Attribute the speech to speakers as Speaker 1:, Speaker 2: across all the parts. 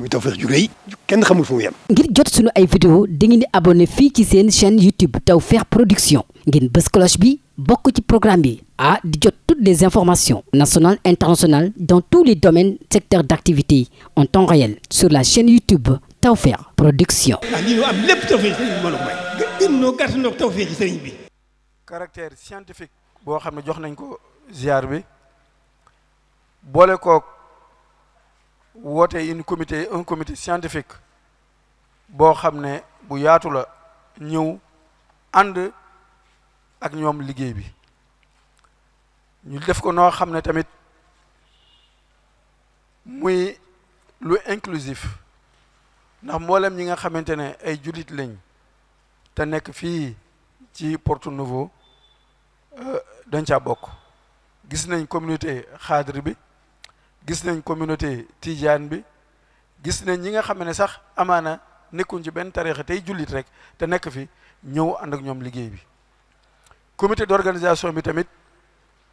Speaker 1: muy Tawfekh ju kenn xamul fu mu
Speaker 2: ngir jot sunu ay vidéo dangeen di abonné fii ci seen chaîne YouTube Tawfekh Production ngeen bës cloche bi bokk ci programme bi a di jot toutes les informations nationales internationales dans tous les domaines secteurs d'activité en temps réel sur la chaîne YouTube Tawfekh Production. ah lii am lépp Tawfekh sëriñ bi mbooloo mooy. gën gën ñoo gàtt ñoo Tawfekh sëriñ bi. caractère scientifique boo xam ne jox nañ ko ziar bi woote une comité un comité boo xam ne bu yaatu la ñëw ànd ak ñoom liggéey bi ñu def ko noo xam ne tamit muy lu inclusif ndax mboolem ñi nga xamante ne ay jullit lañ te nekk fii ci Porto Novo euh, dañ caa bokk gis nañ communauté xaadre bi gis nañ communauté tijaan bi gis nañ ñi nga xam ne sax amaana nekkuñ ci benn tarix tey jullit rek te nekk fi ñëw ànd ak ñoom liggéey bi comité d'organisation bi tamit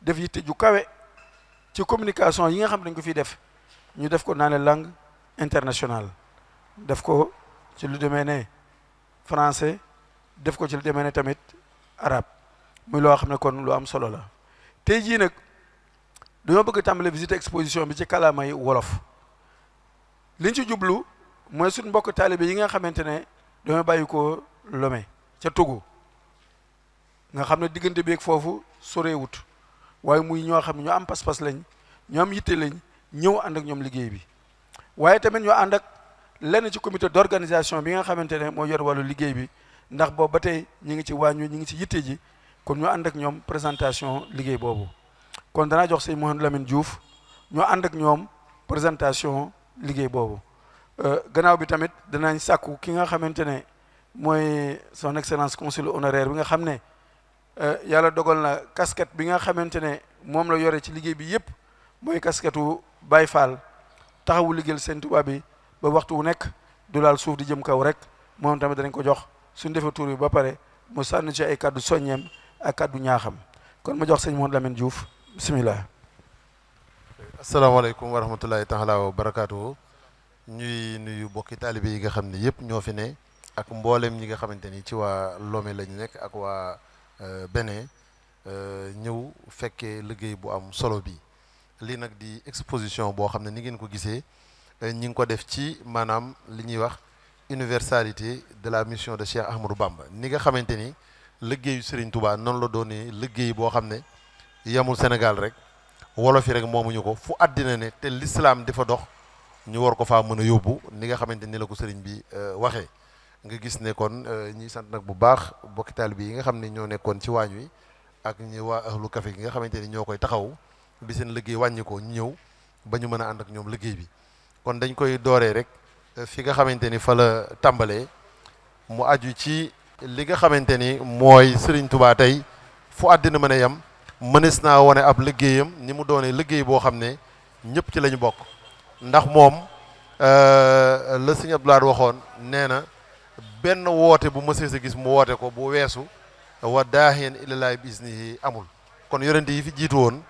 Speaker 2: def yitte ju kawe ci communication yi nga xam dañ ko fiy def ñu def ko naane les international def ko ci lu demee ne français def ko ci lu demee ne tamit arabe muy loo xam ne kon lu am solo la tey jii dañoo bëgg tàmbale visite exposition bi ci kalaamay wolof li ci jublu mooy suñ mbokk taalibe yi nga xamante ne dañoo bàyyi ko Lomé ca Togo nga xam ne diggante bi foofu sore wut waaye muy ñoo xam ñu ñoo am pas-pas lañ ñoo am yitte lañ ñëw ànd ak ñoom liggéey bi waaye tamit ñoo ànd ak lenn ci comité d'organisation bi nga xamante ne moo yor wàllu liggéey bi ndax boobu ba tey ñu ngi ci wàññi ñu ngi ci yitte ji kon ñu ànd ak ñoom présentation liggéey boobu kon danaa jox sëñ Mouhamadou Lamine Diouf ñoo ànd ak ñoom présentation liggéey boobu euh, gannaaw bi tamit danañ sàkku ki nga xamante ne mooy son excellence consul honoraire bi nga xam ne euh, yàlla dogal na casquette bi nga xamante ne moom la yore ci liggéey bi yëpp mooy kasketu Baye Fall taxawu liggéeyal seen Tuubaa bi ba waxtu wu nekk du laal suuf di jëm kaw rek moom tamit danañ ko jox suñ defee tur bi ba pare mu sànni ci ay kàddu soññeem a kaddu ñaaxam kon ma jox sëñ Mouhamadou Lamine Diouf bisimilah.
Speaker 1: asalaamaaleykum wa rahmatulahi taala wa barakaatu. ñuy nuyu bokki taalibe yi nga xam ne yëpp ñoo fi ne ak mbooleem ñi nga xamante ni ci waa lome lañu nekk ak waa euh, Bénin euh, ñëw fekkee liggéey bu am solo bi lii nag di exposition boo xam ne ni ngeen ko gisee euh, ñi ngi ko def ci maanaam li ñuy wax universalité de la mission de Cheikh Ahmadou Bamba ni nga xamante ni liggéeyu Serigne tubaa noonu la doonee liggéey boo xam ne. yamul Sénégal rek wolof yi rek moomuñu ko fu àddina ne te lislaam di fa dox ñu war ko faa mën a yóbbu ni nga xamante ni la ko sëriñ bi euh, waxee nga gis ne kon euh, ñi sant nag bu baax bokki taalibe yi nga xam ne ñoo nekkoon ci waañ wi ak ñi waa ahlu café nga xamante ni ñoo koy taxaw bi seen liggéey wàññi ko ñu ñëw ba ñu mën a ànd ak ñoom liggéey bi kon dañ koy dooree rek euh, fi nga xamante ni fa la tàmbalee mu aju ci li nga xamante ni mooy sëriñ tubaa tey fu àddina mën a yem mënees naa wane ab liggéeyam ni mu doonee liggéey boo xam ne ñëpp ci lañu bokk ndax moom euh, la sëñ Abdou waxoon nee na benn woote bu mësee sa gis mu woote ko bu weesu wa daahiyan ilallaahi bis isnihi amul kon yonent yi fi jiitu woon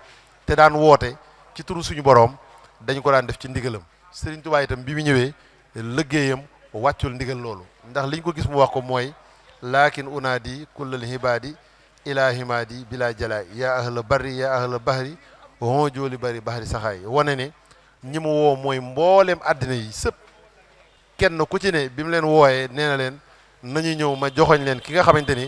Speaker 1: te daan woote ci turu suñu boroom dañu ko daan def ci ndigalam Sëriñ Tuubaa itam bi mu ñëwee liggéeyam wàccul ndigal loolu ndax liñ ko gis mu wax ko mooy laakin unaadi kullal hibaadi ila himaadi bila jalaay yaa la bari yaa la ahla bahri hon jooli bari bahri saxaay wane ne ñi mu woo mooy mbooleem àddina yi sëpp kenn ku ci ne bi mu leen wooyee nee na leen nañu ñëw ma joxoñ leen ki nga xamante ni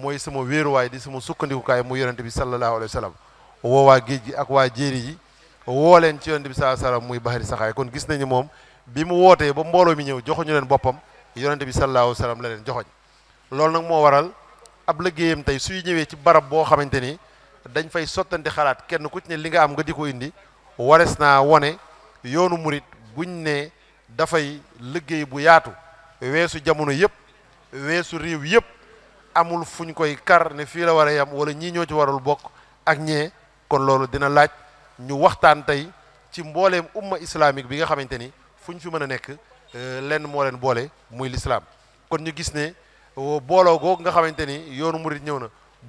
Speaker 1: mooy sama wéeruwaay di suma sukkandikukaay mu yonente bi sallallahu alayhi wa sallam woo waa géej gi ak waa jéeri yi woo leen ci yonente bi sallallahu alayhi wa muy bahri saxaay kon gis nañu moom bi mu wootee ba mbooloo mi ñëw joxoñu leen boppam yonente bi sallallahu alayhi la leen joxoñ ab liggéeyam tey suy ñëwee ci barab boo xamante ni dañ fay sottante xalaat kenn ku ci ne li nga am nga di ko indi wares naa wane yoonu murit buñ ne dafay liggéey bu yaatu weesu jamono yëpp weesu réew yëpp amul fuñ koy kar ne fii la war a yam wala ñii ñoo ci warul bokk ak ñee kon loolu dina laaj ñu waxtaan tey ci mbooleem umma islamique bi nga xamante ni fuñ fi mën a nekk euh, lenn moo leen boole muy lislaam kon ñu gis ne booloo googu nga xamante ni yoonu murit ñëw na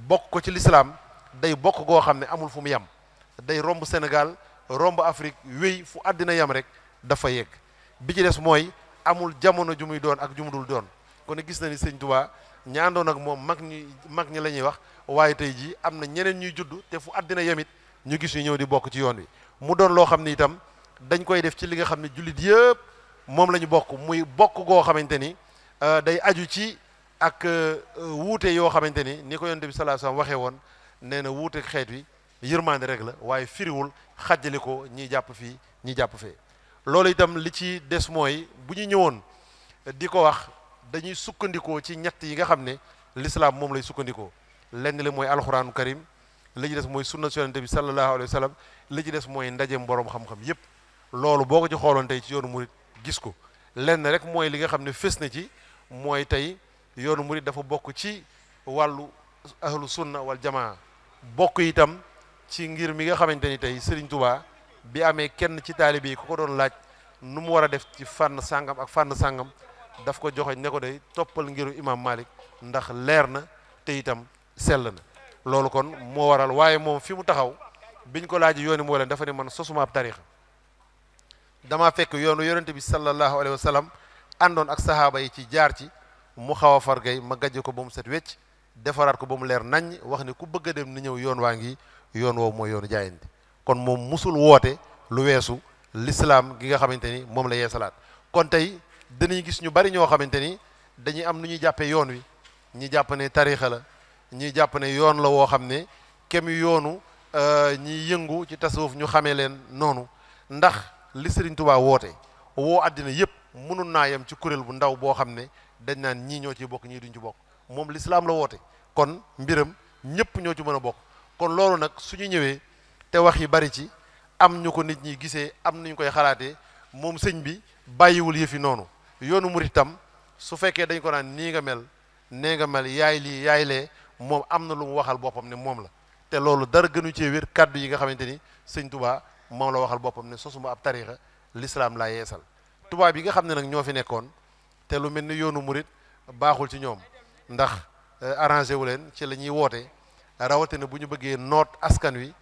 Speaker 1: bokk ko ci lislaam day bokk goo xam ne amul fu mu yem day romb Sénégal romb Afrique wéy fu àddina yem rek dafa yegg bi ci des mooy amul jamono ju muy doon ak ju dul doon kon gis na ni sëñ Tuubaa ñi àndoon ak moom mag ñi mag ñi la ñuy wax waaye tey jii am na ñeneen ñuy judd te fu àddina yemit ñu gis ñu ñëw di bokk ci yoon wi mu doon loo xam ne itam dañ koy def ci li nga xam ne jullit yëpp moom la ñu bokk muy bokk goo xamante euh, ak euh, wuute yoo xamante ni ni ko yonent bi sallallahu alayhi wasallam waxee woon nee na wuute xeet wi yërmande rek la waaye firiwul xàjjali ko ñiy jàpp fii ñi jàpp fee loolu itam li ci des mooy bu ñu ñëwoon di ko wax dañuy sukkandikoo ci ñett yi nga xam ne l'islam moom lay sukkandikoo lenn li mooy alxuraanu karim li ci des mooy sunna su yonent bi sallallahu alayhi wasallam li ci des mooy ndaje boroom xam-xam yépp loolu boo ko ci xooloon tey ci yoonu murid gis ko lenn rek mooy li nga xam ne fés na ci mooy tey yoonu murid dafa bokk ci wàllu ahlu sunna wal jamaa bokk itam ci ngir mi nga xamante ni tey Serigne bi amee kenn ci taalibe yi ku ko doon laaj nu mu war a def ci fànn sàngam ak fànn sàngam daf ko joxoñ ne ko day toppal ngiru imam Malik ndax leer na te yitam sell na loolu kon moo waral waaye moom fi mu taxaw biñ ko laaj yooni moo leen dafa ne man sosuma ab tarixa dama fekk yoonu yonente bi sallallahu alayhi wa àndoon ak sahaaba yi ci jaar ci mu xaw a fargay ma gajj ko ba mu set wecc defaraat ko ba mu leer naññ wax ni ku bëgg a dem nu ñëw yoon waa ngi yoon woo mooy yoonu jaayante kon moom mosul woote lu weesu lislaam gi nga xamante ni moom la yeesalaat kon tey danañ gis ñu bari ñoo xamante ni dañuy am nu ñuy jàppee yoon wi ñu jàpp ne tariixa la ñi jàpp ne yoon la woo xam ne kem yoonu euh, ñuy yëngu ci tasawuf ñu xamee leen noonu ndax li Sëriñ woote woo àddina yépp mënul naa yem ci kuréel bu ndaw boo xam ne dañ naan ñii ñoo ci bokk ñii duñu ci bokk moom lislaam la woote kon mbiram ñépp ñoo ci mën a bokk kon loolu nag su ñu ñëwee te wax yi bari ci am ñu ko nit ñi gisee am nañu koy xalaatee moom sëñ bi bàyyiwul yëfi noonu yoonu murit itam su fekkee dañ ko naan nii nga mel nee nga mel yaay lii yaay moom am na lu mu waxal boppam ne moom la te loolu dara gënu cee wér kàddu yi nga xamante ni sëñ tubaa moom la waxal boppam ne soo sosuma ab tariixa lislaam laa yeesal tubaab yi nga xam ne nag ñoo fi nekkoon te lu mel ni yoonu murit baaxul ci ñoom ndax euh, arrangé wu leen ci la ñuy woote rawatina bu ñu bëggee noot askan wi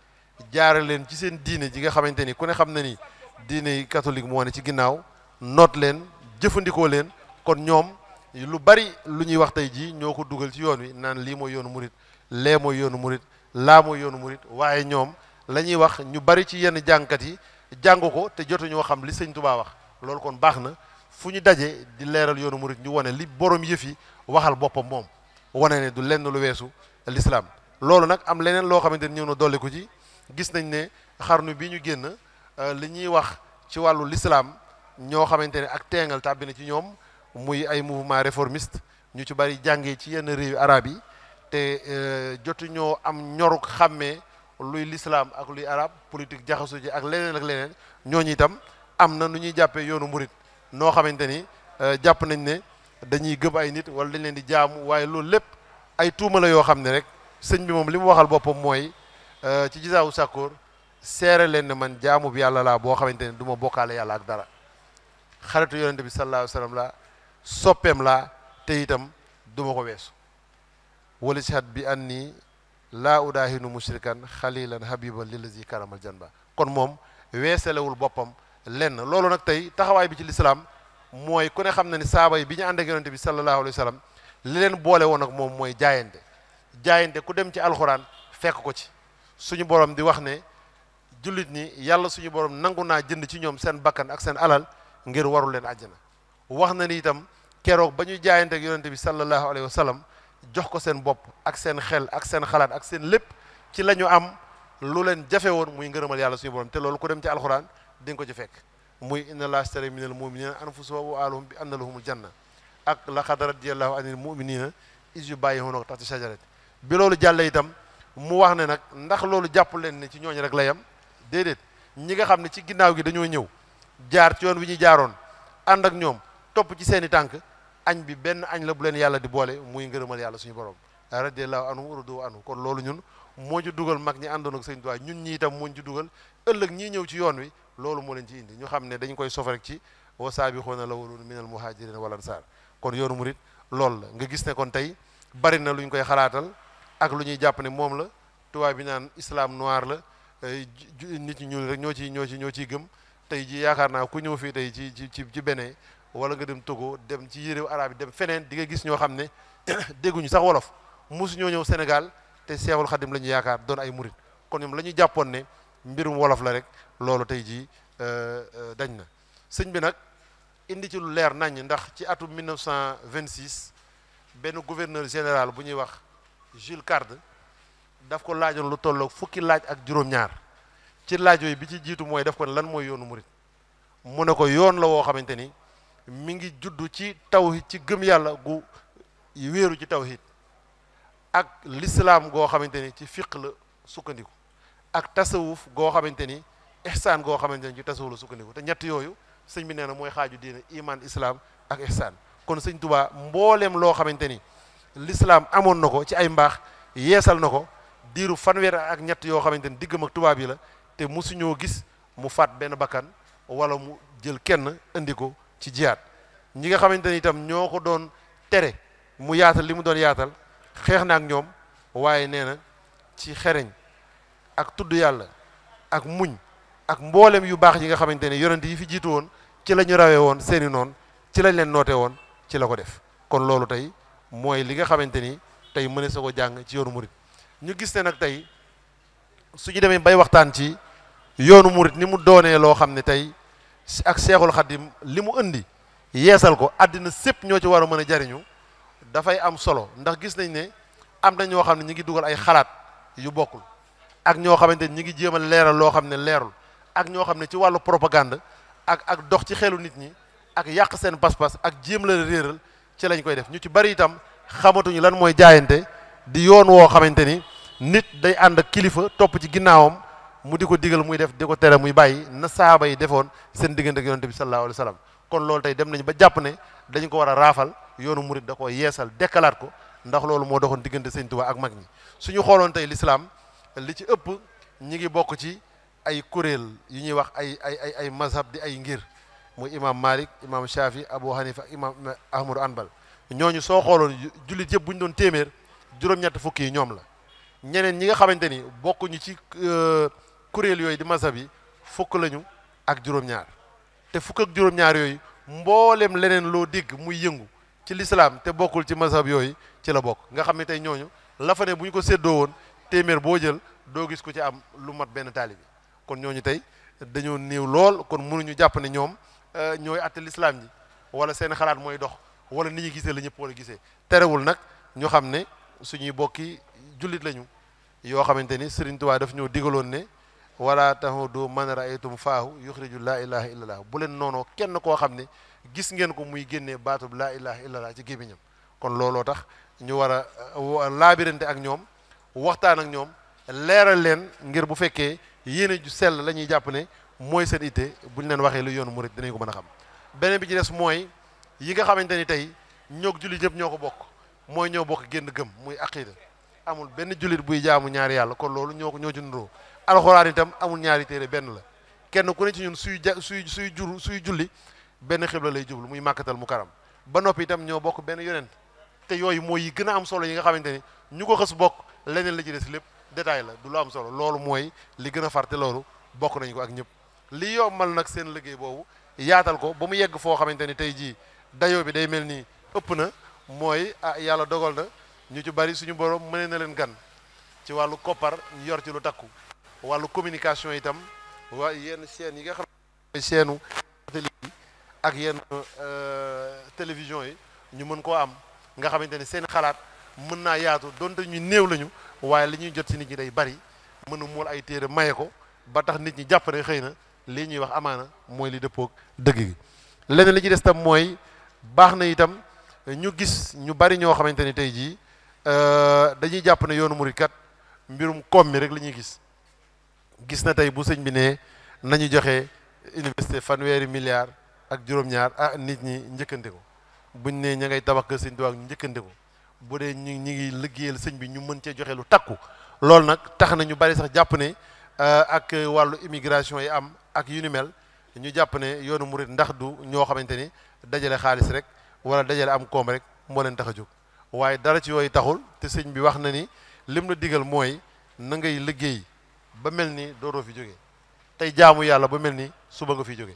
Speaker 1: jaare leen ci seen diine ji nga xamante ni ku ne xam na ni diine catholique moo ne ci ginnaaw noot leen jëfandikoo leen kon ñoom lu bari lu ñuy wax tey jii ñoo ko dugal ci yoon wi naan lii mooy yoonu murit lee mooy yoonu murit laa mooy yoonu murit waaye ñoom la ñuy wax ñu bari ci yenn jàngkat yi jàng ko te jotuñoo xam li sëñ Tuubaa wax loolu kon baax na fu ñu daje di leeral yoonu murit ñu wane li borom yëf yi waxal boppam moom wane ne du lenn lu weesu lislaam loolu nag am leneen loo xamante ni ñëw na dolli ko ci gis nañ ne xarnu bi ñu génn euh, li ñuy wax ci wàllu lislaam ñoo xamante ne ak teengal tàbbi na ci ñoom muy ay mouvement réformiste ñu ci bari jàngee ci yenn réewi araab yi te euh, jotu ñoo am ñoruk xàmmee luy lislaam ak luy arab politique jaxasu ji ak leneen ak leneen ñooñu itam am na nu ñuy jàppee yoonu murit noo xamante ni euh, jàpp nañ ne dañuy gëb ay nit wala dañ leen di jaamu waaye loolu lépp ay tuuma la yoo xam ne rek sëñ bi moom li mu waxal boppam mooy euh, ci gisaawu sàkkoor seere leen ne man jaamu bi yàlla laa boo xamante ne du ma bokkaale yàlla ak dara xaritu yonente bi sallallahu laa soppeem laa te itam du ko weesu wala si hat bi anni laa udaahinu mushrikan xalilan habiban lillazi karamal janba kon moom weeselewul boppam lenn loolu nag tey taxawaay bi ci lislaam mooy ku ne xam na ni saaba yi bi ñu ànd ak yonente bi sallallahu alayhi wa sallam li leen boole woon ak moom mooy jaayante jaayante ku dem ci alxuraan fekk ko ci suñu borom di wax ne jullit ñi yàlla suñu borom nangu naa jënd ci ñoom seen bakkan ak seen alal ngir waru leen àjjana wax na ni itam keroog ba ñuy jaayante ak yonente bi sallallahu alayhi wa sallam jox ko seen bopp ak seen xel ak seen xalaat ak seen lépp ci la ñu am lu leen jafe woon muy ngërëmal yàlla suñu borom te loolu ku dem ci alxuraan di nga ko ci fekk muy inna laa ashtara minal mu'minina anfusahum wa amwaalahum bi anna lahumul janna ak laqad radiyallahu anil mu'minina iz yubayi'unaka tahta shajarat bi loolu jàlle itam mu wax ne nag ndax loolu jàpp leen ne ci ñooñu rek la yam déedéet ñi nga xam ne ci ginnaaw gi dañoo ñëw jaar ci yoon wi ñuy jaaroon ànd ak ñoom topp ci seeni tànk añ bi benn añ la bu leen yàlla di boole muy ngërëmal yàlla suñu borom radiyallahu anhu radu anhu kon loolu ñun moo ci dugal mag ñi àndoon ak sëñ Tuubaa ñun ñi itam moo ci dugal ëllëg ñii ñëw ci yoon wi loolu moo leen ci indi ñu xam ne dañ koy sof rek ci wa saabixuuna lawalun min al muhajirin wal ansaar kon yoonu murit loolu la nga gis ne kon tey bari na lu ñu koy xalaatal ak lu ñuy jàpp ne moom la tubaab bi naan islam noir la nit ñi ñuul rek ñoo ciy ñoo ci ñoo ciy gëm tey ji yaakaar naa ku ñëw fii tey ci ci ci Bénin wala nga dem Togo dem ci réew arab yi dem feneen di nga gis ñoo xam ne dégguñu sax wolof mosu ñoo ñëw Sénégal te Seexul Xadim la ñu yaakaar doon ay murit kon ñoom la ñu jàppoon ne mbirum wolof la rek loolu tey jii euh, euh, dañ na sëñ bi nag indi ci lu leer nañ ndax ci atum 1926 benn gouverneur général bu ñuy wax Jules Card daf ko laajoon lu tolloog fukki laaj ak juróom-ñaar ci laajo yi bi ci jiitu mooy daf ko ne lan mooy yoonu murit mu ne ko yoon la woo xamante ni mi ngi juddu ci taw tawhid ci gëm yàlla gu wéeru ci tawhid ak lislaam goo xamante ni ci fiq la sukkandiku ak tasawuf goo xamante ni ihsaan koo xamante ne ci tasawulu sukkandiku te ñett yooyu sëñ bi nee na mooy xaaju diine iman islam ak ihsaan kon sëñ tubaa mbooleem loo xamante ni l'islam amoon na ko ci ay mbaax yeesal na ko diiru fanweer ak ñett yoo xamante ni diggam ak tubaab yi la te mosuñoo gis mu faat benn bakkan wala mu jël kenn indi ko ci jiyaat ñi nga xamante ni itam ñoo ko doon tere mu yaatal li mu doon yaatal xeex na ak ñoom waaye nee na ci xereñ ak tudd yàlla ak muñ ak mbooleem yu baax yi nga xamante ne yonent yi fi jiitu woon ci la ñu rawee woon seeni noon ci lañ leen nootee woon ci la ko def kon loolu tey mooy li nga xamante ni tey mënees na ko jàng ci yoonu murit ñu gis ne nag tey su ñu demee bay waxtaan ci yoonu murit ni mu doonee loo xam ne tey ak seexul xadim li mu indi yeesal ko àddina sépp ñoo ci war a mën a jariñu dafay am solo ndax gis nañ ne am na ñoo xam ne ñu ngi dugal ay xalaat yu bokkul ak ñoo xamante ni ñu ngi jéem a leeral loo xam ne leerul ak ñoo xam ne ci wàllu propagande ak ak dox ci xelu nit ñi ak yàq seen pas-pas ak jéem la réeral ci lañ koy def ñu ci bari itam xamatuñu lan mooy jaayante di yoon woo xamante ni nit day ànd ak kilifa topp ci ginnaawam mu di ko digal muy def di ko tere muy bàyyi na saaba yi defoon seen diggante ak yonent bi sallallahu alayhi wa sallam kon loolu tey dem nañu ba jàpp ne dañu ko war a raafal yoonu murit da ko yeesal dekkalaat ko ndax loolu moo doxoon diggante Sëñ Tuubaa ak mag ñi suñu xooloon tey lislaam li ci ëpp ñi ngi bokk ci ay kuréel yu ñuy wax ay ay ay ay mazhab di ay ngir muy imam malik imam shafi abu hanifa ak imam ahmadu anbal ñooñu soo xooloon jullit yëpp bu ñu doon téeméer juróom-ñett yi ñoom la ñeneen ñi nga xamante ni bokkuñu ci euh, kuréel yooyu di mazhab yi fukk lañu ak juróom-ñaar te fukk ak juróom-ñaar yooyu mbooleem leneen loo dégg muy yëngu ci lislaam te bokkul ci mazhab yooyu ci la bokk nga xam ne tey ñooñu la bu ñu ko seddoo woon téeméer boo jël doo gis ko ci am lu mat benn taalibi kon ñooñu tey dañoo niiw lool kon mënuñu jàpp ne ñoom euh, ñooy atte lislaam ji wala seen xalaat mooy dox wala ni ñu gisee la ñëpp war gisee terewul nag ñu xam ne suñuy bokki jullit lañu yoo xamante ni Sëriñ Tuubaa daf ñoo digaloon ne wala tahudu man raaytum faahu yuxriju laa ilaha illallah bu leen noonoo kenn koo xam ne gis ngeen ko muy génnee baatub laa ilaha illallah ci gémmiñam kon looloo tax ñu war a laabirante ak ñoom waxtaan ak ñoom leeral leen ngir bu fekkee yéene ju sell la ñuy jàpp ne mooy seen itte buñ leen waxee lu yoonu murit dinañ ko mën a xam beneen bi ci des mooy yi nga xamante ni tey ñoog jullit ñëpp ñoo ko bokk mooy ñoo bokk génn gëm muy aqida amul benn jullit buy jaamu ñaari yàlla kon loolu ñoo ko ñoo ci nuroo alxuraan itam amul ñaari téere benn la kenn ku ne ci ñun suy ja suy suy jur suy julli benn xibla lay jublu muy màkkatal mu karam ba noppi itam ñoo bokk benn yonent te yooyu mooy yi gën a am solo yi nga xamante ni ñu ko xës bokk leneen la ci des lépp détail la du lu am solo loolu mooy li gën a farte loolu bokk nañu ko ak ñëpp li yombal nag seen liggéey boobu yaatal ko ba mu yegg foo xamante ni tey jii dayo bi day mel nii ëpp na mooy ah yàlla dogal na ñu ci bari suñu borom mënee na leen gan ci wàllu koppar ñu yor ci lu takku wàllu communication itam waa yenn seen yi nga xam seenu ak yenn euh, télévision yi ñu mën koo am nga xamante ni seen xalaat mën naa yaatu donte ñu néew lañu waaye li ñuy jot si nit ñi day bari mën a ay téere maye ko ba tax nit ñi jàpp ne xëy na lii ñuy wax amaana mooy li dëppoog dëgg gi leneen li ci des tam mooy baax na itam ñu gis ñu bari ñoo xamante ni tey jii euh, dañuy jàpp ne yoonu murit kat mbirum koom mi rek la ñuy gis gis na tey bu sëñ bi ne nañu joxe université fanweeri milliards ak juróom-ñaar ah nit ñi njëkkante ko buñ ne ña ngay tabax kër sëñ Tuubaa ñu njëkkante ko bu dee ñu ñu ngi liggéeyal sëñ bi ñu mën cee joxe lu takku loolu nag tax na ñu bari sax jàpp ne euh, ak wàllu immigration yi am ak yu ni mel ñu jàpp ne yoonu mu murit ndax du ñoo xamante ni dajale xaalis rek wala dajale am koom rek moo leen tax a jóg waaye dara ci yooyu taxul te sëñ bi wax na ni lim la digal mooy na ngay liggéey ba mel ni dooroo fi jóge tey jaamu yàlla ba mel ni suba nga fi jóge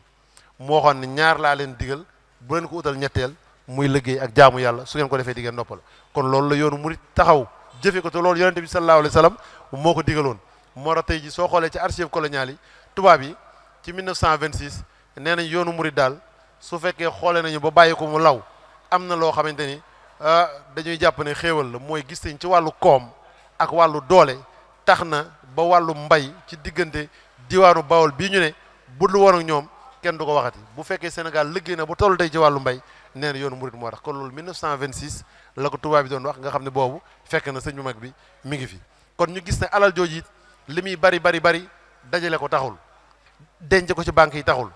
Speaker 1: moo xam ne ñaar laa leen digal bu leen ko utal ñetteel muy liggéey ak jaamu yàlla su ngeen ko defee di ngeen noppal kon loolu la yoonu murit taxaw jëfe ko te loolu yonente bi sallallahu alayhi wa sallam moo ko digaloon moo tax tey ji soo xoolee ci archive coloniale yi tubaab yi ci 1926 nee nañ yoonu murit daal su fekkee xoolee nañu ba bàyyi ko mu law am na loo xamante ni ah, dañuy jàpp ne xéewal la mooy gis nañ ci wàllu koom ak wàllu doole tax na ba wàllu mbay ci diggante diwaanu Bawol bii ñu ne budlu woon ak ñoom kenn du ko waxati bu fekkee Sénégal liggéey na bu toll tey ci wàllu mbay neen na yoonu murit moo tax kon loolu 1926 la ko tubaab bi doon wax nga xam ne boobu fekk na sëñ bu mag bi mi ngi fi kon ñu gis ne alal jooju it li muy bari bari bari dajale ko taxul denc ko ci banque yi taxul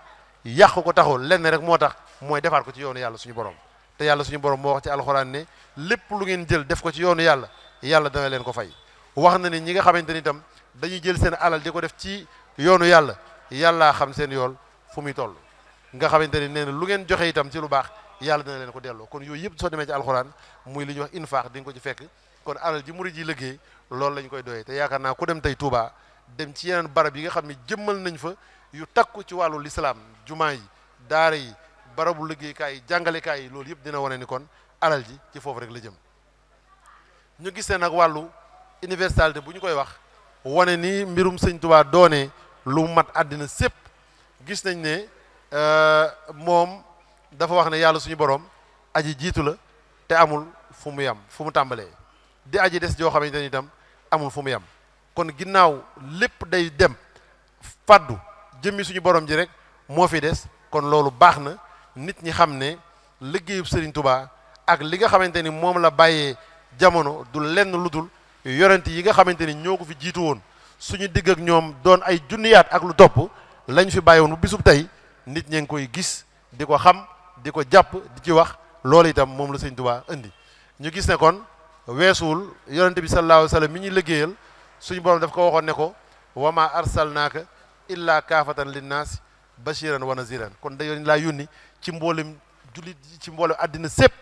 Speaker 1: yàq ko taxul lenn rek moo tax mooy defaat ko ci yoonu yàlla suñu borom te yàlla suñu borom moo wax ci alxuraan ne lépp lu ngeen jël def ko ci yoonu yàlla yàlla dana leen ko fay wax na ne ñi nga xamante ni dañuy jël seen alal di ko def ci yoonu yàlla yàllaa xam seen yool fu muy toll nga xamante ni nee na lu ngeen joxe itam ci lu baax yàlla dina leen ko delloo kon yooyu yëpp soo demee ci alxuraan muy li ñuy wax infaax di nga ko ci fekk kon alal ji murid yi liggéey loolu lañ koy doyee te yaakaar naa ku dem tey Touba dem ci yeneen barab yi nga xam ne jëmmal nañ fa yu takku ci wàllu lislaam jumaa yi daara yi barabu liggéeykaay yi jàngalekaay yi loolu yëpp dina wane ni kon alal ji ci foofu rek la jëm ñu gis ne nag wàllu universalité bu ñu koy wax wane ni mbirum sëñ Touba doone lu mat àddina sépp nañ ne euh, moom dafa wax ne yàlla suñu borom aji jiitu la te amul fu mu yem fu mu tàmbalee di aji des joo xamante ni itam amul fu mu yem kon ginnaaw lépp day dem fàddu jëmmi suñu borom ji rek moo fi des kon loolu baax na nit ñi xam ne liggéeyub sëriñ tubaa ak li nga xamante ni moom la bàyyee jamono du lenn lu dul yorente yi nga xamante ni ñoo ko fi jiitu woon suñu digg ak ñoom doon ay junniyaat ak lu topp lañ fi bàyyi woon bu bisub tey nit ñi ngi koy gis di ko di ko jàpp di ci wax loolu itam moom la sëñ Tuubaa indi ñu gis ne kon weesuwul yonente bi sallallahu alayhi mi ñuy liggéeyal suñu borom daf ko waxoon ne ko wa ma arsalnaaka illa kaafatan linnaas bashiran wa naziran kon da yoon laa yónni ci mboolem jullit ci mboolem àddina sépp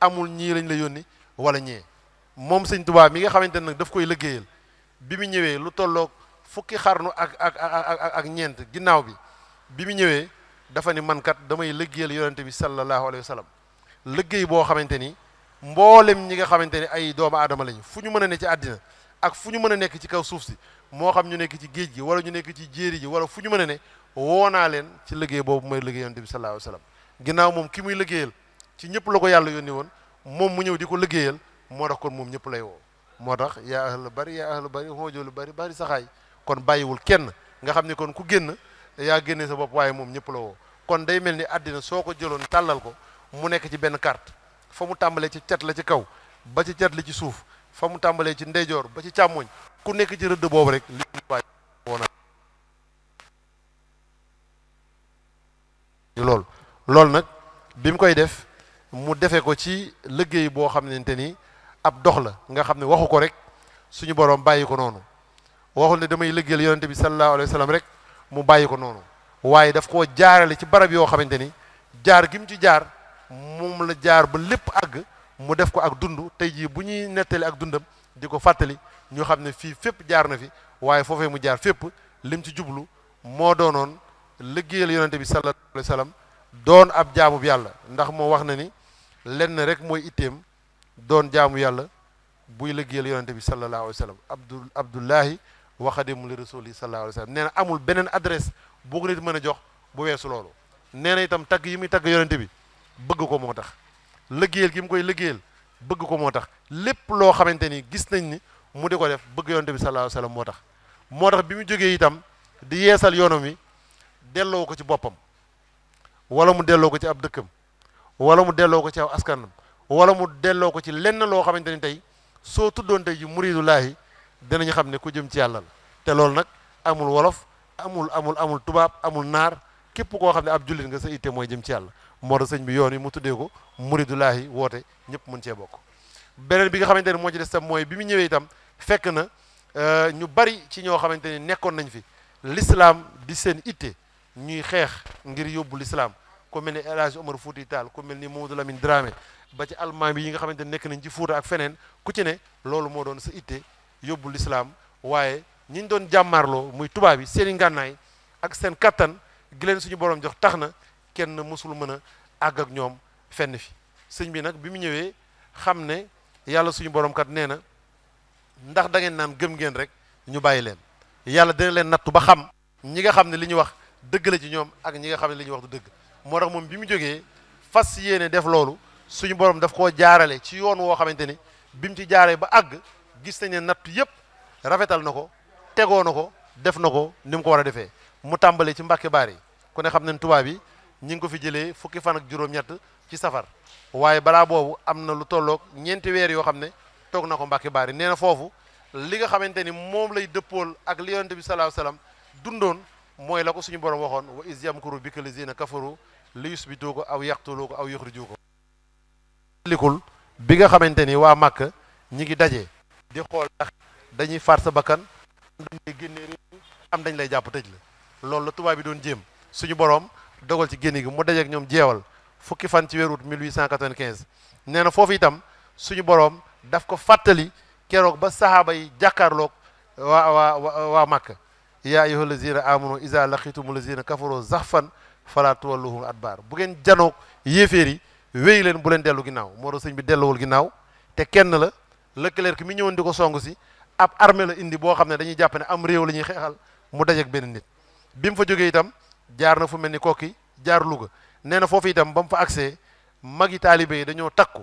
Speaker 1: amul ñii lañ la yónni wala ñee moom sëñ Tuubaa mi nga xamante ne nag daf koy liggéeyal bi mu ñëwee lu tollook fukki xarnu ak ak ak ñeent ginnaaw bi bi mu ñëwee dafa ne mankat damay liggéeyal yonente bi sallallahu alayhi wa sallam liggéey boo xamante ni mboolem ñi nga xamante ni ay doomu aadama lañu fu ñu mën a ne ci àddina ak fu ñu mën a nekk ci kaw suuf si moo xam ñu nekk ci géej gi wala ñu nekk ci jéeri ji wala fu ñu mën a ne woo naa leen ci liggéey boobu mooy liggéey yonente bi sallallahu alayhi wa sallam ginnaaw moom ki muy liggéeyal ci ñëpp la ko yàlla yónni woon moom mu ñëw di ko liggéeyal moo tax kon moom ñëpp lay woo moo tax yaa ahlu bari yaa ahlu bari xoojoo lu bari bari saxaay kon bàyyiwul kenn nga xam ne kon ku génn te yaa génne sa bopp waaye moom ñëpp la woo kon day mel ni àddina soo ko jëloon tàllal ko mu nekk ci benn carte fa mu tàmbalee ci cat la ci kaw ba ci cat la ci suuf fa mu tàmbalee ci ndeyjoor ba ci càmmoñ ku nekk ci rëdd boobu rek li waay woona loolu loolu nag bi mu koy def mu defee ko ci liggéey boo xam ne te ni ab dox la nga xam ne waxu ko rek suñu borom bàyyi ko noonu waxul ne damay liggéeyal yonente bi sallallahu alayhi wa sallam rek mu bàyyi ko noonu waaye daf koo jaarale ci barab yoo xamante ni jaar gi mu ci jaar moom la jaar ba lépp àgg mu def ko ak dund tey jii bu ñuy nettali ak dundam di ko fàttali ñu xam ne fii fépp jaar na fi waaye foofee mu jaar fépp lim ci jublu moo doonoon liggéeyal yonente bi sallallahu alayhi wa doon ab jaamu yàlla ndax moo wax na ni lenn rek mooy itteem doon jaamu yàlla buy liggéeyal yonente bi sallallahu alayhi wa sallam abdu abdullahi waxadim li rasuli sallallahu alayhi wa sallam nee na amul beneen adresse boo ko nit mën a jox bu weesu loolu nee na itam tagg yi muy tagg yonente bi bëgg ko moo tax liggéeyal gi mu koy liggéeyal bëgg ko moo tax lépp loo xamante ni gis nañ ni mu di ko def bëgg yonente bi sallallahu alayhi moo tax moo tax bi mu jógee itam di yeesal yoonam wi delloo ko ci boppam wala mu delloo ko ci ab dëkkam wala mu delloo ko ci aw askanam wala mu delloo ko ci lenn loo xamante ni tey soo tuddoon tey ji muridullaahi dinañu xam ne ku jëm ci yàlla la te loolu nag amul wolof amul amul amul tubaab amul naar képp koo xam ne ab jullit nga sa itte mooy jëm ci yàlla moo da sëñ bi yoon yi mu tuddee ko muridulaahi woote ñëpp mën cee bokk beneen bi nga xamante ne moo ci des tam mooy bi mu ñëwee itam fekk na euh, ñu bari ci ñoo xamante ni nekkoon nañ fi l'islam di seen itte ñuy xeex ngir yóbbu l'islam ku mel ni El Hadj Omar Fouti Tall ku mel ni Mamadou Lamine Dramé ba ci almaam yi nga xamante ne nekk nañ ci Fuuta ak feneen ku ci ne loolu moo doon sa itte yóbbu lislaam waaye ñi ñu doon jàmmaarloo muy tubaab yi seen i ngànnaay ak seen kattan gileen suñu borom jox tax na kenn mësul mën a àgg ak ñoom fenn fi sëñ bi nag bi mu ñëwee xam ne yàlla suñu borom kat nee na ndax dangeen naan gëm ngeen rek ñu bàyyi leen yàlla dina leen nattu ba xam ñi nga xam ne li ñu wax dëgg la ci ñoom ak ñi nga xam ne li ñu wax du dëgg moo tax moom bi mu jógee fas yéene def loolu suñu borom daf koo jaarale ci yoon woo xamante ni bi mu ci jaaree ba àgg gis nañ natt yëpp rafetal na ko tegoo na ko def na ko ni mu ko war a defee mu tàmbalee ci mbàkke baar yi ku ne xam ne tubaab yi ñu ngi ko fi jëlee fukki fan ak juróom-ñett ci safar waaye balaa boobu am na lu tolloog ñeenti weer yoo xam ne toog na ko mbàkke baar yi nee na foofu li nga xamante ni moom lay dëppool ak li yonent bi sallallahu alayhi dundoon mooy la ko suñu borom waxoon wa iz yamkuru bika lazina kafaru li yusbitu ko aw yaqtulu ko aw yuxriju ko likul bi nga xamante ni waa màkk ñi ngi daje di xool ndax dañuy faat sa bakkan am dañ lay am dañ lay jàpp tëj la loolu la tubaab bi doon jéem suñu boroom dogal ci génn gi mu dajeek ñoom jeewal fukki fan ci weeru août 1895 nee na foofu itam suñu boroom daf ko fàttali keroog ba saxaaba yi jàkkaarloog waa waa waa Màkka yaa ayyuha lazina amanu iza laqitum lazina kafaru zahfan fala tuwalluhum adbar bu ngeen janoog yéeféer yi wéy leen bu leen dellu ginnaaw moo tax sëñ bi delluwul ginnaaw te kenn la Leclerc mi ñëwoon di ko song si ab armée la indi boo xam ne dañuy jàpp ne am réew la ñuy xeexal mu dajeek benn nit bi mu fa jógee itam jaar na fu mel ni kokki jaar luga nee na foofu itam ba mu fa agsee magi taalibe yi dañoo takku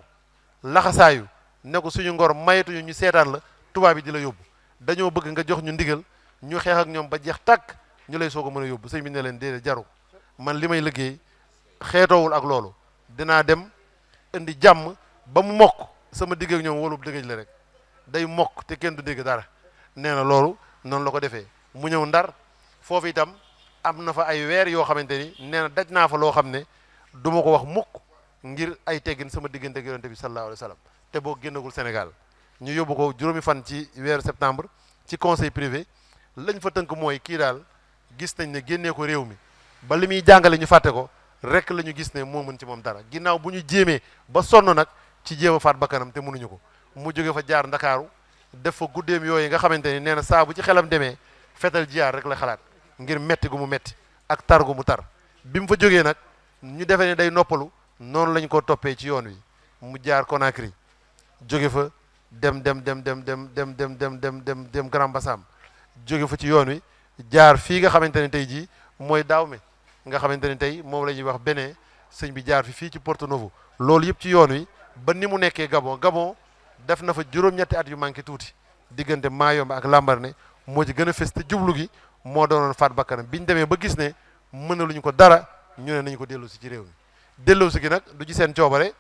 Speaker 1: laxasaayu ne ko suñu ngor mayetuñu ñu seetaan la tubaab yi di la yóbbu dañoo bëgg nga jox ñu ndigal ñu xeex ak ñoom ba jeex takk ñu lay soo a mën a yóbbu sëñ bi ne leen déedéet jaru man li may liggéey xeetoowul ak loolu dinaa dem indi jàmm ba mu mokk sama digg ñoom wolub dëggëj la rek day mokk te kenn du dégg dara nee na loolu noonu la ko defee mu ñëw ndar foofu itam am na fa ay weer yoo xamante ni nee na daj naa fa loo xam ne du ma ko wax mukk ngir ay teggin sama diggante ak bi sallallahu alayhi wa te boo génnagul Sénégal ñu yóbbu ko juróomi fan ci weeru septembre ci conseil privé lañ fa tënk mooy kii daal gis nañ ne génnee ko réew mi ba li muy jàngale ñu fàtte ko rek la ñu gis ne moo mën ci moom dara ginnaaw bu ñu jéemee ba sonn nag ci jéem a faat bakkanam te mënuñu ko mu jóge fa jaar ndakaaru def fa guddeem yooyu nga xamante ni nee na saa bu ci xelam demee fetal jiyaar rek la xalaat ngir metti gu mu metti ak tar gu mu tar bi mu fa jógee nag ñu defee ne day noppalu noonu lañ ko toppee ci yoon wi mu jaar Conakry jóge fa dem dem dem dem dem dem dem dem dem dem dem Grand jóge fa ci yoon wi jaar fii nga xamante ne tey jii mooy daaw mi nga xamante ne tey moom la ñuy wax bene sëñ bi jaar fi fii ci Porto Novo loolu yëpp ci yoon wi ba ni mu nekkee Gabon Gabon def na fa juróom-ñetti at yu manqué tuuti diggante Mayombe ak Lambaréné moo ci gën a fës te jublu gi moo doonoon faat bakkanam bi ñu demee ba gis ne mën mënaluñu ko dara ñu ne nañu ko dellu si ci réew mi dellu si gi nag du ci seen coobare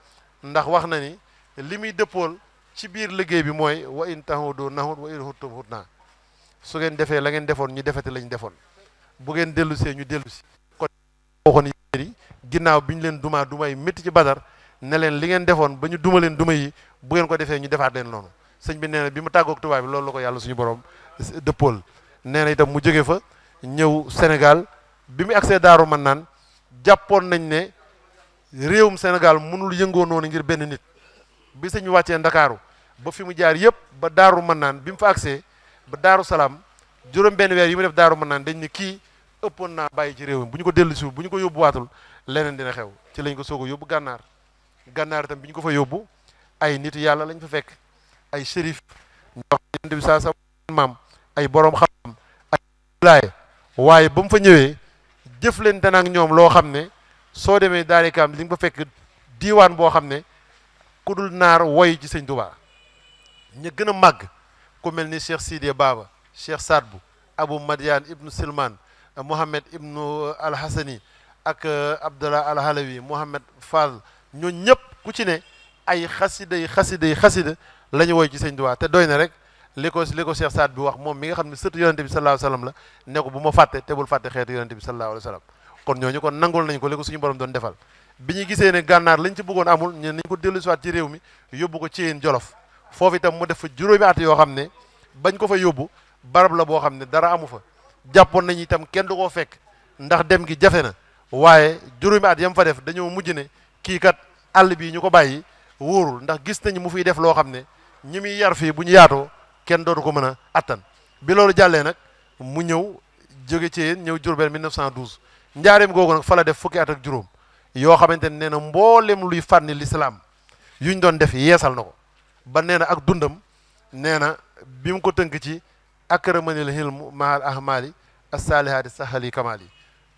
Speaker 1: ndax wax na ni li muy dëppool ci biir liggéey bi mooy wa in tahudu nahud wa in huttum hutna su ngeen defee la ngeen defoon ñu defete lañ defoon bu ngeen dellu see ñu dellu si kon yi ginnaaw bi ñu leen dumaa dumaay métti ci badar ne leen li ngeen defoon ba ñu duma leen duma yi bu ngeen ko defee ñu defaat leen noonu sëñ bi nee bi mu tàggoog tubaab bi loolu la ko yàlla suñu borom dëppool nee na itam mu jóge fa ñëw Sénégal bi mu agsee Daaru naan jàppoon nañ ne réewum Sénégal mënul yëngoon noonu ngir benn nit bi sëñ wàccee Ndakaaru ba fi mu jaar yëpp ba Daaru naan bi mu fa agsee ba Daaru Salaam juróom benn weer yi mu def Daaru Mannaan dañ ne kii ëppoon naa bàyyi ci réew bu ñu ko dellu si bu ñu ko yóbbuwaatul leneen dina xew ci lañ ko soog a gànnaar gànnaar itam bi ñu ko fa yóbbu ay nit yàlla lañ fa fekk ay shérif ñoo xam bi saa sa maam ay boroom xam ay laay waaye ba mu fa ñëwee jëflante nag ñoom loo xam ne soo demee daare kaam li nga fa fekk diiwaan boo xam ne ku dul naar woy ci sëñ Tuubaa ñu gën a màgg ku mel ni Cheikh Sidé Baba Cheikh bu Abu Madian ibnu Silman Mohamed ibnu Alhassani ak Abdallah Alhalawi Mohamed Fall ñoo ñëpp ku ci ne ay xasida yi xasida yi xasida la ñu woy ci sëñ Tuubaa te doy na rek li ko li ko Cheikh Saad bi wax moom mi nga xam ne sëtu yonente bi sallallahu alayhi wasallam la ne ko bu ma fàtte te bul fàtte xeetu yonente bi sallallahu alayhi wasallam kon ñooñu kon nangul nañ ko li ko suñu borom doon defal bi ñu gisee ne gànnaar lañ ci bëggoon amul ñu nañ ko dellu siwaat ci réew mi yóbbu ko ci Thièyène Jolof foofu itam mu def fa juróomi at yoo xam ne bañ ko fa yóbbu barab la boo xam ne dara amu fa jàppoon nañ itam kenn du koo fekk ndax dem gi jafe na waaye juróomi at yam fa def dañoo mujj ne kii kat àll bii ñu ko bàyyi wóorul ndax gis nañu mu fiy def loo xam ne ñi muy yar fii bu ñu yaatoo kenn dootu ko mën a attan bi loolu jàllee nag mu ñëw jóge ci yéen ñëw Jurbel 1912 njaareem googu nag fa la def fukki at ak juróom yoo xamante ne nee na mboolem luy fànni lislaam yuñ doon def yeesal na ko ba nee na ak dundam nee na bi mu ko tënk ci akramanil hilm mahal a asalihaati sahali kamali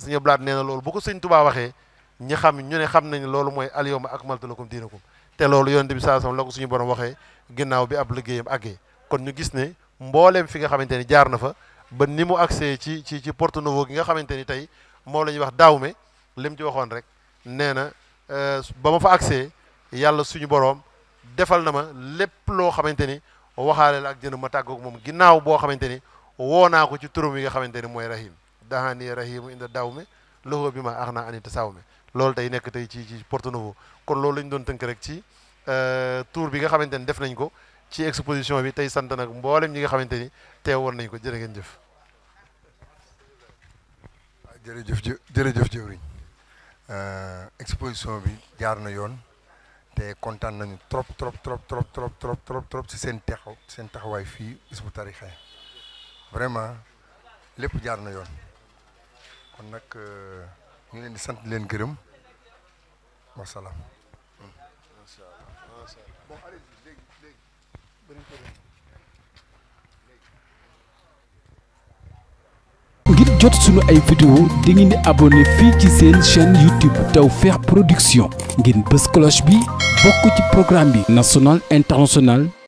Speaker 1: sëñ Blaat nee na loolu bu ko sëñ Tuubaa waxee ñi xam ñu ne xam nañ loolu mooy al yawma akmaltu lakum diinakum te loolu yoon bi sallallahu alayhi wasallam la ko suñu borom waxee ginnaaw bi ab liggéeyam àggee kon ñu gis ne mbooleem fi nga xamante ni jaar na fa ba ni mu agsee ci ci ci Porto gi nga xamante ni tey moo la ñuy wax daawme lim ci waxoon rek nee na euh, ba ma fa agsee yàlla suñu borom defal na ma lépp loo xamante ni waxaale la ak jënd ma tàggoog moom ginnaaw boo xamante ni woo naa ko ci turam yi nga xamante ni mooy rahim dahaani rahimu daaw daawme loxo bi ma ax naa anita sawme loolu day nekk tey ci ci Porto Novo kon loolu lañu doon tënk rek ci euh, tour bi nga xamante ni def nañ ko ci exposition bi tey sant nag mboolem ñi nga xamante ni teewoon nañ ko jërë ngeen jëf. Ah, jërëjëf jë jërëjëf jëwriñ euh, exposition bi jaar na yoon te kontaan nañu trop trop trop trop trop trop trop trop ci seen taxaw seen taxawaay fii Hizbut Tarqiyyah vraiment lépp jaar na yoon kon nag. Euh, ñu ngi leen di sant leen gërëm wasalaam. macha allah
Speaker 2: ngir jot sunu ay vidéo di ngeen di abonné fii ci seen chaîne YouTube Tawfekh Production ngir bës cloche bi bokk ci programme bi national international